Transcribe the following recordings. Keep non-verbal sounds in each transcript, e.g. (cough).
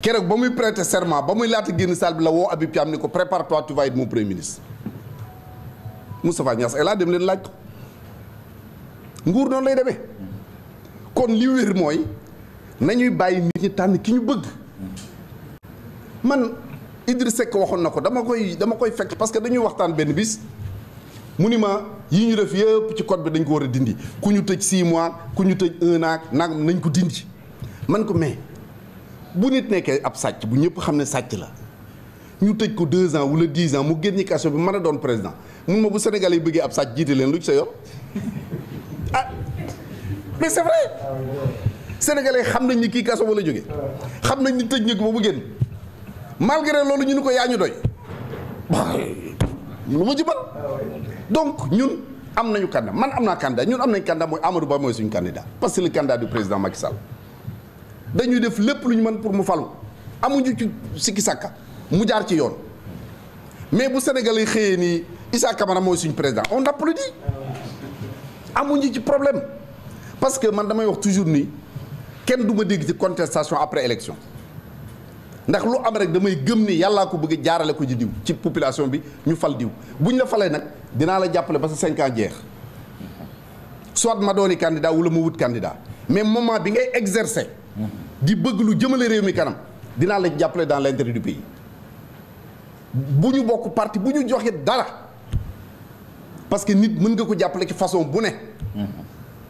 keroog ba muy prêter serment ba muy laata génn salle bi la woo Habib Thiam ni ko prépare-toi tu vas être mon premier ministre Moustapha Niass ay laa dem leen laaj ko nguur noonu lay demee kon li wér mooy nañuy bàyyi nit ñi tànn ki ñu bëgg man Idriss sekk waxoon na ko dama koy dama koy fekk parce que dañuy waxtaan benn bis mu ni ma yi ñu def yëpp ci code bi dañ ko war a dindi ku ñu tëj six mois ku ñu tëj un an nag nañ ko dindi man ko mais. bu nit nekkee ab sàcc bu ñëpp xam ne sàcc la ñu tëj ko deux ans wala dix ans mu génn kaso bi mën a doon président mun ma bu Sénégal yi bëggee ab sàcc jiite leen lu ci sa yoon ah mais c'est vrai xam nañ ni kii kaso ba la jógee xam nañ ni tëj ñu ko ba mu génn malgré loolu ñu ni ko yaa ñu doy lu ma jubal donc ñun am nañu candidat man am naa candidat ñun am nañ candidat mooy Amadou Ba mooy suñu candidat parce le candidat du président Macky dañuy def lépp lu ñu man pour mu falu amuñu ci sikki sàkka mu jaar ci yoon mais bu Sénégal yi xëyee nii Issa Camara mooy suñu président on applaudit amuñu ci problème parce que man damay wax toujours ni kenn du ma dégg ci contestation après élection ndax lu am rek damay gëm ni yàllaa ko bëgg jaarale ko ci diw ci population bi ñu fal diw bu ñu la falee nag dinaa la jàppale ba sa cinq ans jeex soit ma dooni candidat wula ma wut candidat mais moment bi ngay exercer di bëgg lu jëmale réew mi kanam dinaa lañ jàppale dans l'intérêt du pays bu ñu bokk parti bu ñu joxe dara parce que nit mën nga ko jàppale ci façon bu ne. Mm-hmm.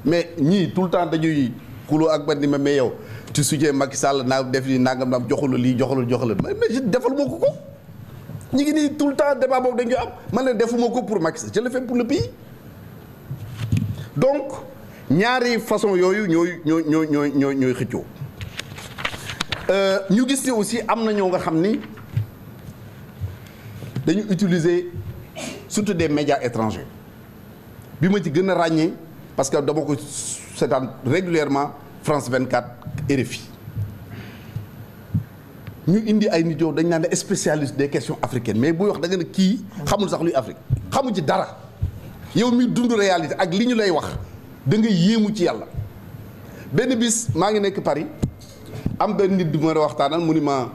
mais ñii tout le temps dañuy xuloo ak man ni ma may yow ci sujet Macky Sall naa def ni nangam naam joxu la lii joxu la ma la mais defal moo ko ko. ñu ngi nii tout le temps débat boobu dañ am man ne defuma ko pour Macky Sall je le fais pour donc ñaari façon yooyu ñooy ñooy ñooy ñooy ñooy xëccoo. Euh, ñu gis ni aussi am na ñoo nga xam ni dañu utiliser surtout des médias étrangers bi ma ci gën a ràññee parce que dama ko seetaan régulièrement France 24 RFI ñu indi ay nit yow dañ naan spécialiste des question africaines mais buy wax da ne kii xamul sax luy Afrique xamu ci dara yow mi dund réalité ak li ñu lay wax da yéemu ci yàlla benn bis maa ngi nekk Paris am benn nit bi ma doon waxtaanal mu ni ma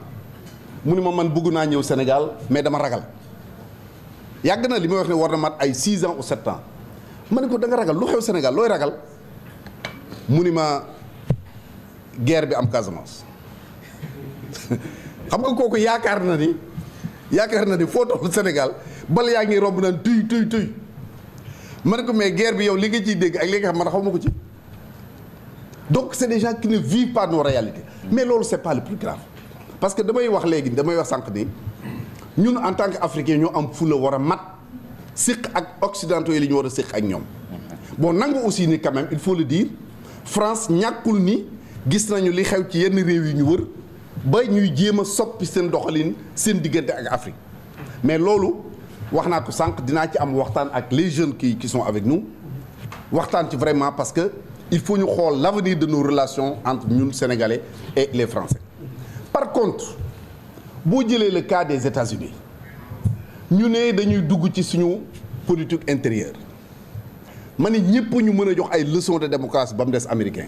mu ni ma man bugg naa ñëw Sénégal mais dama ragal yàgg na li may wax ne war na mat ay 6 ans ou 7 ans ma ne ko da ragal lu xew Sénégal looy ragal mu ni ma guerre bi am Casamance (laughs) xam nga kooku yaakaar na ni yaakaar na ni foo toll Sénégal bal yaa ngi romb naan tuy tuy tuy ma ne ko mais guerre bi yow li nga ciy dégg ak li nga xam man xaw ma ko ci. donc c'est des gens vie ne vivent pas nos réalités mais loolu c'est pas le plus grave parce que damay wax léegi damay wax sànq ni ñun en tant que africain ñoo am fu war a mat séq ak occidentaux yi li ñu war a séq ak ñoom bon nangu aussi nii quand même il faut le dire France ñàkkul ni gis nañu li xew ci yenn réew yi ñu wër ba ñuy jéem a soppi seen doxalin seen diggante ak Afrique mais loolu wax naa ko sànq dinaa ci am waxtaan ak les jeunes qui qui sont avec nous waxtaan ci vraiment parce que il faut ñu xool l'avenir de nos relations entre ñun sénégalais et les français par contre boo jëlee le cas des États-Unis ñu ne dañuy dugg ci suñu politique intérieure ma ne ñëpp ñu mën a jox ay leçons de démocratie ba mu des américain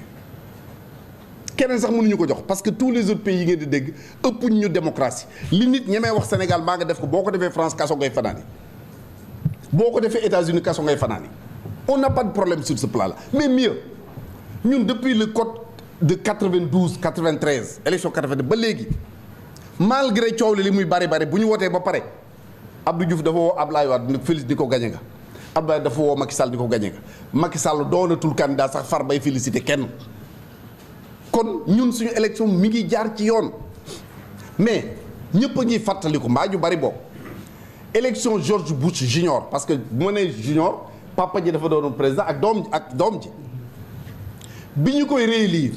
keneen sax mënuñu ko jox parce que tous les autres pays yi ngeen di dégg ëpp ñu démocratie li nit ñemee wax Sénégal maa ngi def ko boo ko defee France kaso ngay fanaani boo ko defee États-Unis kaso ngay fanaani on n'a pas de problème mais mieux ñun depuis le code de 92 93 élection 92 ba léegi malgré coow li li muy bari bari bu ñu wootee ba pare Abdou Diouf dafa woo Abdoulaye Wade ne félicité di ko gañe nga Abdoulaye dafa woo Macky Sall ko gañe nga Macky Sall doonatul candidat sax far bay félicité kenn kon ñun suñu élection mi ngi jaar ci yoon mais ñëpp a ñuy fàttaliku mbaa ñu bari boobu élection George Bush junior parce que bu ma nee junior papa ji dafa doon président ak doom ak doom ji bi ñu koy lii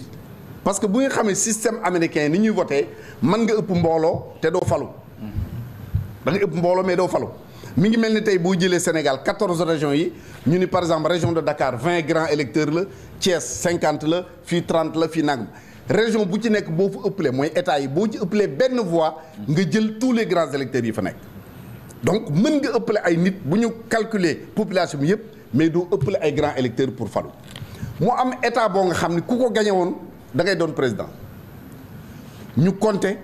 parce que bu nga xamee système américain ni ñuy voté mën nga ëpp mbooloo te doo falu da nga ëpp mbooloo mais doo falu mi ngi mel ni tey boo jëlee Sénégal 14 régions yi ñu ni par exemple région de Dakar vingt grands électeurs la Thiès 50 la fii 30 la fii nangam région bu ci nekk boo fa ëppalee mooy état yi boo ci ëppalee benn voix nga jël tous les grands électeurs yi fa nekk donc mën nga ëppale ay nit bu ñu calculer population bi yëpp mais doo ëppale ay grands électeurs pour falu mu am état boo nga xam ne ku ko gañe woon da ngay doon président ñu Conté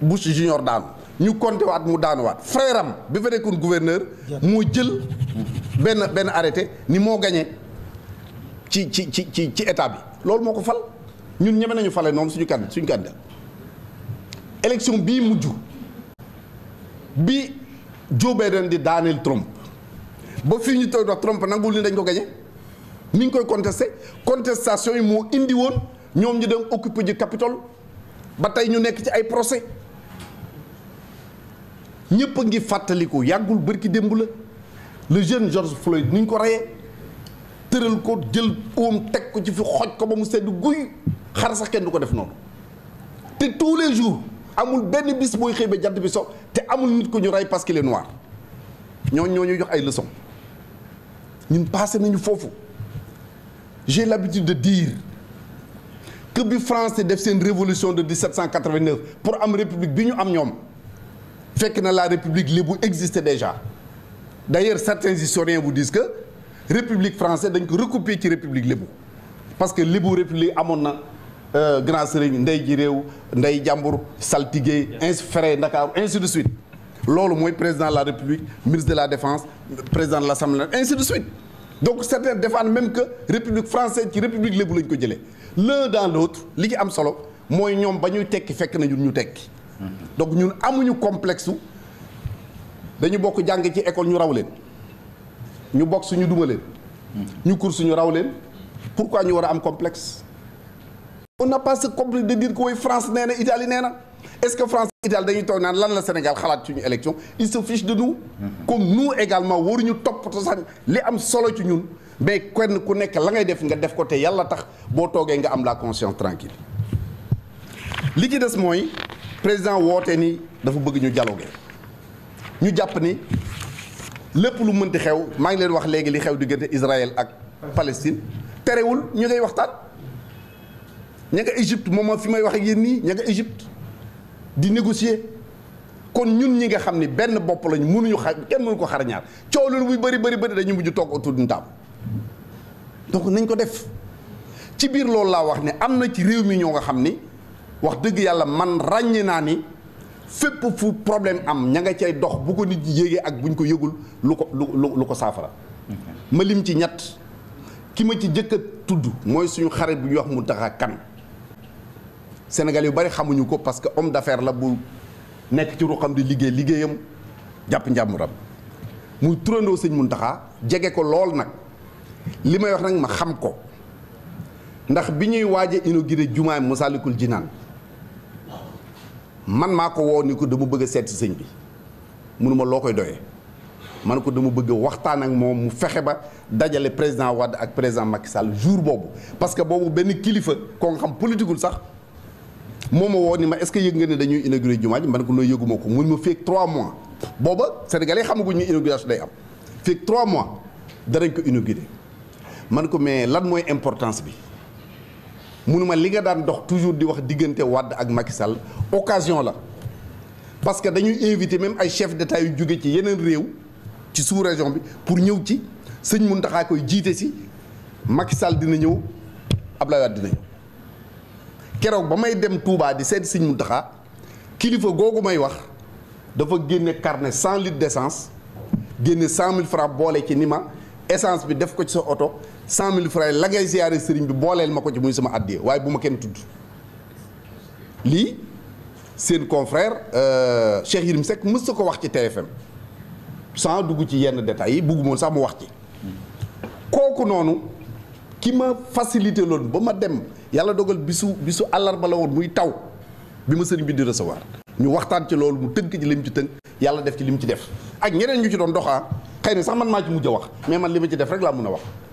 Bush junior daanu ñu Conté waat mu daanuwaat frère am bi fa nekkoon gouverneur moo jël benn benn arrêté ni moo gañe ci ci ci ci ci état bi loolu moo ko fal ñun ñeme nañu fale noonu suñu candidat suñu candidat élection bii mujj bi joobee Biden di daaneel Trump ba fii ñu toog wax Trump nangul ni dañ ko gañe ni ñu koy contesté contestation yi moo indiwoon woon ñoom ñu dem occupé ji Capitole ba tey ñu nekk ci ay procès ñëpp a ngi fàttaliku yàggul bërki démb la le jeune George Floyd ni ko reyee tëral ko jël oom teg ko ci fi xoj ko ba mu sedd guy xar sax kenn du ko def noonu te tous les jours amul benn bis booy xëy ba jant bi so te amul nit ko ñu rey parce qu'il est noir ñooñu ñoo ñu jox ay leçons ñun passé nañu foofu. j'ai l'habitude de dire que bi France def seen révolution de 1789 pour am république bi ñu am ñoom fekk na la république lébu existait déjà d'ailleurs certains historiens bu disent que république française dañ ko recopier ci république lébu parce que lébu république amoon na euh, grand sëriñ ndey ji réew ndey jàmbur saltige ins frais Ndakaaru ainsi de suite loolu mooy président de la république ministre de la défense président de l'assemblée ainsi de suite donc certains défendent même que république française ci république lébu lañ ko jëlee l'un dans l'autre li ci am solo mooy ñoom ba ñuy tekki fekk na ñun ñu tekki donc ñun amuñu complexe dañu bokk jàng ci école ñu raw leen ñu bokk suñu duma leen ñu cours suñu raw leen pourquoi ñu war a am complexe on n'a pas ce complexe de dire que woy France nee na Italie nee est-ce que France daal dañuy toog naan lan la Sénégal xalaat ci ñu élection il se fiche de nous. comme nous également waruñu toppatoo sax li am solo ci ñun mais kenn ku nekk la ngay def nga def ko te yàlla tax boo toogee nga am la conscience tranquille li ci des mooy président woote ni dafa bëgg ñu dialoguer ñu jàpp ni lépp lu mënti xew maa ngi leen wax léegi li xew diggante Israël ak Palestine terewul ñu ngay waxtaan ña nga Égypte moom fi may waxee ak yéen nii ña nga Égypte. di négocier kon ñun ñi nga xam ni benn bopp lañ mënuñu xa kenn mënu ko xar ñaar coow loolu buy bari bëri bëri dañu mujj toog autour d'une table donc nañ ko def ci biir loolu laa wax ne am na ci réew mi ñoo nga xam ni wax dëgg yàlla man ràññee naa ni fépp fu problème am ña nga cay dox bu ko nit ñi yéegee ak buñ ko yëgul lu ko lu lu ko saafara. ma lim ci ñett ki ma ci jëkk a tudd mooy suñu xarit bu ñuy wax mu tax kan. Sénégal yu bari xamuñu ko parce que homme d'affaires la bu nekk ci ruxam di liggéey liggéeyam jàpp njàmburam muy turandoo sëñ mun taxa jege ko lool nag li may wax nag ma xam ko ndax bi ñuy waaj a inauguré jumaay Massalikul Jinaan man maa ko woo ni ko dama bëgg a seet si sëñ bi mënuma loo koy doyee man ko dama bëgg waxtaan ak moom mu fexe ba dajale président Wade ak président Macky Sall jour boobu parce que boobu benn kilifa ko nga xam politikul sax moom ma woo ni ma est-ce que yëg nga ne dañuy inauguré jumaa man ma ne ko nooy yëguma ko mun ma trois mois booba sénégalais xamaguñ ne inauguration day am feeg 3 mois danañ ko inauguré man ko mais lan mooy importance bi munuma li nga daan dox toujours di wax diggante Wade ak Macky Sall occasion la parce que dañuy invité même ay chef d'état yu jóge ci yeneen réew ci sous-région bi pour ñëw ci sëñ mun Mountakha koy jiite si Macky Sall dina ñëw Abdoulaye Wade dina ñëw keroog ba may dem tuubaa di seet Sëñ Muntaxa kilifa googu may wax dafa génne carnet cent litres d'essence génne cent mille francs boole ci ni ma essence bi def ko ci sa oto cent mille francs la ngay siyaare sëriñ bi booleel ma ko ci muy sama àddee waaye bu ma kenn tudd lii seen confrère euh, Cheikh Yérim Seck mës sa ko wax ci TFM sans dugg ci yenn détails yi buggumoon sax mu wax ci kooku noonu ki ma facilité loon ba ma dem yàlla dogal bisu bisu àllarba la woon muy taw bi ma seen bi di ñu waxtaan ci loolu mu tënk ci lim ci tënk yàlla def ci lim ci def ak ñeneen ñu ci doon doxa xëy na sax man maa ci mujj a wax mais man li ma ci def rek laa mun a wax